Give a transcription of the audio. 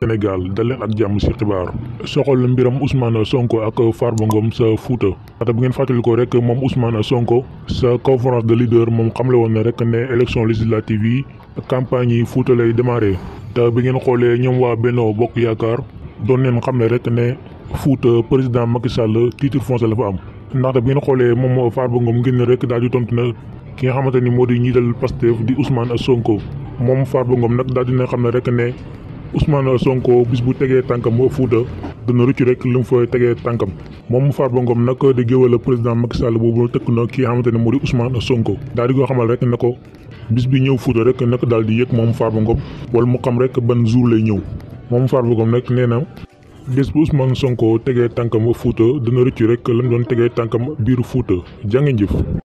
Sénégal dal leen ak jàmm ci xibaar soxal mbiram Ousmane Sonko ak Farba Ngom sa Fuuta ndaxte bu ngeen fàttali ko rek moom Ousmane Sonko sa conférence de leader moom xamle woon na rek ne élection législative yi campagne yi Fuuta lay démarré te bi ngeen xoolee ñoom waa Benno Bokk Yaakaar doon neen xam ne rek ne Fuuta président Macky Sall titre foncier la fa am ndaxte bu ngeen xoolee moom Farba Ngom ngeen rek daal di tontu na ki nga xamante ni moo di njiital Pastef di Ousmane Sonko moom Ousmane Sonko bis bu tegee tànkam ba Fuuta dana rëccu rek lu mu fa tegee tànkam moom mu Farba Ngom nag di géwal président Macky Sall boobu tëkk na ki nga xamante ne moo di Ousmane Sonko daal di ko xamal rek ne ko bis bi ñëw Fuuta rek nag daal di yëg moom Farba ngoom wala mu xam rek ban jour lay ñëw moom Farba Ngom nag nee na bés bu Ousmane Sonko tegee tànkam ba Fuuta dana rëccu rek lam doon tegee tànkam biiru Fuuta jàngeen jëf